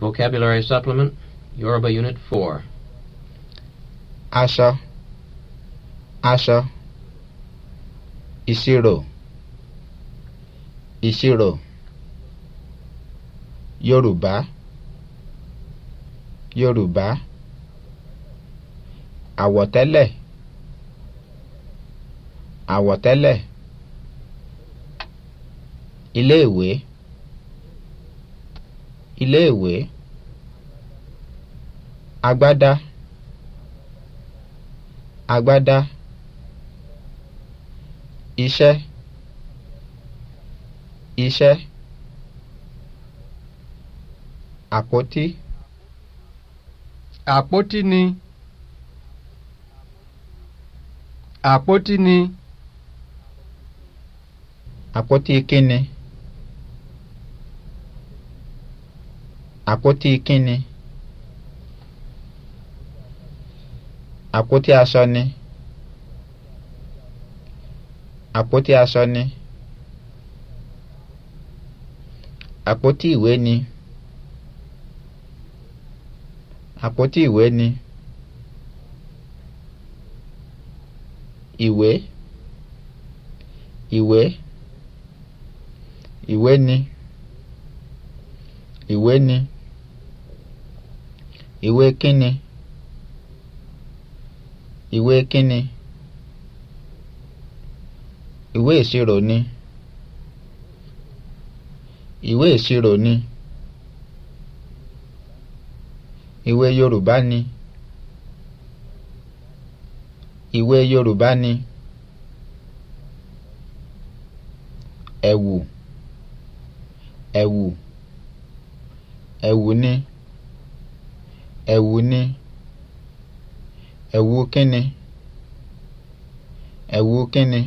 Vocabulary Supplement, Yoruba Unit 4. Asha, Asha, ìṣirò, ìṣirò, Yorùbá, Yorùbá, àwọ̀tẹ́lẹ̀, àwọ̀tẹ́lẹ̀, Iléwe. iléèwé agbádá agbádá iṣẹ́ iṣẹ́ àpótí. àpótí ni àpótí ni àpótí kíni. àpótí kíni àpótí aṣọ ni àpótí aṣọ ni àpótí ìwé ni àpótí ìwé ni ìwé ìwé ìwé ni ìwé ni. Iwe kini? Iwe kịnị? iwe ìṣirò ni. Ìwé ìṣirò ni. iwe Yorùbá ni. iwe Yorùbá ni. ewu ewu ewu ni. ẹ̀wù ni ẹ̀wù kíni ẹ̀wù kíni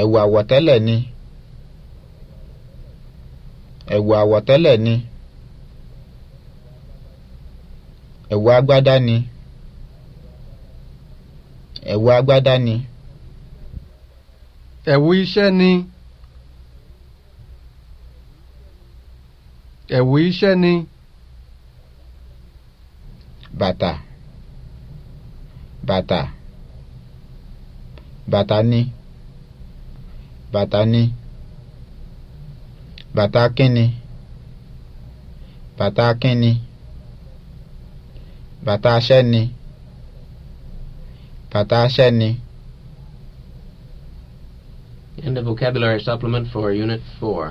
ẹ̀wù àwọ̀tẹ́lẹ̀ ni ẹ̀wù àwọ̀tẹ́lẹ̀ ni ẹ̀wù agbádá ni ẹ̀wù agbádá ni. ẹ̀wù iṣẹ́ ni ẹ̀wù iṣẹ́ ni bàtà bàtà bàtà ni bàtà ni bàtà kíni bàtà kíni bàtà aṣẹ́ bàtà aṣẹ́ End of vocabulary supplement for Unit four.